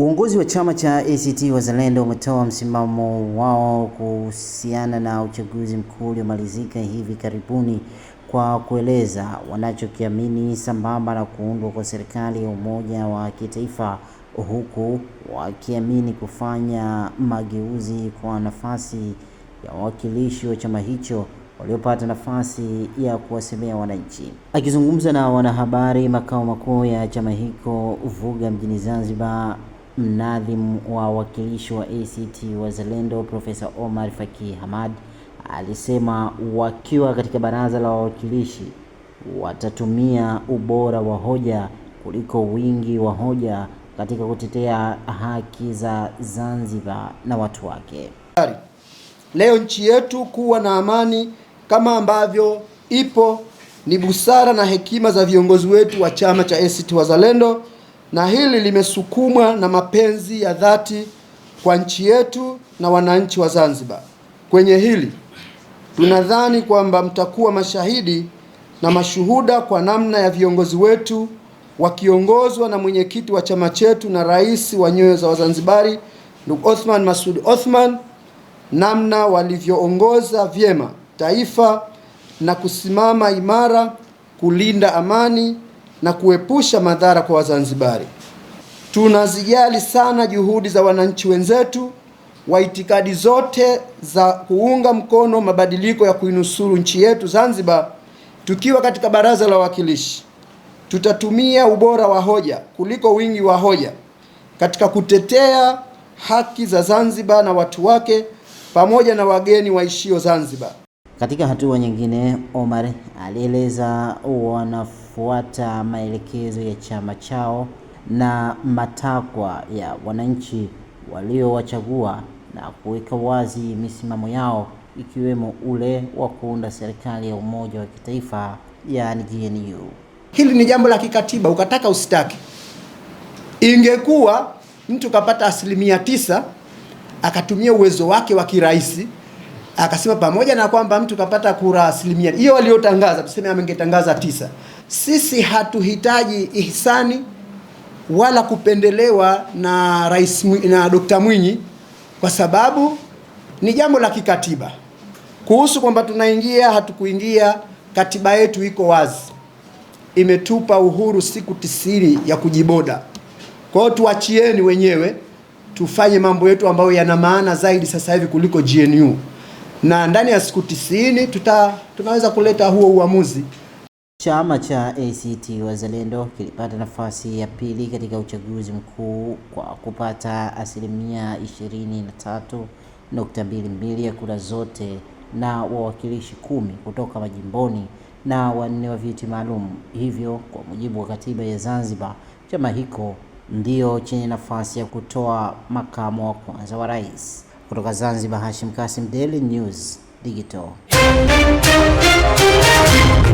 Uongozi wa chama cha ACT Wazalendo umetoa msimamo wao kuhusiana na uchaguzi mkuu uliomalizika hivi karibuni kwa kueleza wanachokiamini sambamba na kuundwa kwa serikali ya umoja wa kitaifa huku wakiamini kufanya mageuzi kwa nafasi ya wawakilishi wa chama hicho waliopata nafasi ya kuwasemea wananchi. Akizungumza na wanahabari makao makuu ya chama hicho Vuga mjini Zanzibar, Mnadhimu wa wakilishi wa ACT Wazalendo Profesa Omar Fakih Hamad alisema wakiwa katika baraza la wawakilishi watatumia ubora wa hoja kuliko wingi wa hoja katika kutetea haki za Zanzibar na watu wake. Leo nchi yetu kuwa na amani kama ambavyo ipo ni busara na hekima za viongozi wetu wa chama cha ACT Wazalendo na hili limesukumwa na mapenzi ya dhati kwa nchi yetu na wananchi wa Zanzibar. Kwenye hili tunadhani kwamba mtakuwa mashahidi na mashuhuda kwa namna ya viongozi wetu wakiongozwa na mwenyekiti wa chama chetu na rais wa nyoyo za Wazanzibari ndugu Othman Masud Othman, namna walivyoongoza vyema taifa na kusimama imara kulinda amani na kuepusha madhara kwa Wazanzibari. Tunazijali sana juhudi za wananchi wenzetu wa itikadi zote za kuunga mkono mabadiliko ya kuinusuru nchi yetu Zanzibar. Tukiwa katika Baraza la Wawakilishi, tutatumia ubora wa hoja kuliko wingi wa hoja katika kutetea haki za Zanzibar na watu wake pamoja na wageni waishio Zanzibar. Katika hatua nyingine, Omar alieleza wanafuata maelekezo ya chama chao na matakwa ya wananchi waliowachagua na kuweka wazi misimamo yao ikiwemo ule wa kuunda serikali ya umoja wa kitaifa yani GNU. Hili ni jambo la kikatiba, ukataka usitaki. Ingekuwa mtu kapata asilimia tisa akatumia uwezo wake wa kiraisi Akasema pamoja na kwamba mtu kapata kura asilimia hiyo waliotangaza, tuseme amengetangaza tisa, sisi hatuhitaji ihsani wala kupendelewa na rais na Dr. Mwinyi kwa sababu ni jambo la kikatiba. Kuhusu kwamba tunaingia hatukuingia, katiba yetu iko wazi, imetupa uhuru siku tisini ya kujiboda. Kwa hiyo tuachieni wenyewe tufanye mambo yetu ambayo yana maana zaidi sasa hivi kuliko GNU na ndani ya siku tisini tuta tunaweza kuleta huo uamuzi. Chama cha ACT Wazalendo kilipata nafasi ya pili katika uchaguzi mkuu kwa kupata asilimia 23.22 ya kura zote na wawakilishi kumi kutoka majimboni na wanne wa viti maalum. Hivyo, kwa mujibu wa katiba ya Zanzibar, chama hiko ndio chenye nafasi ya kutoa makamu wa kwanza wa rais. Kutoka Zanzibar, Hashim Kasim, Daily News Digital.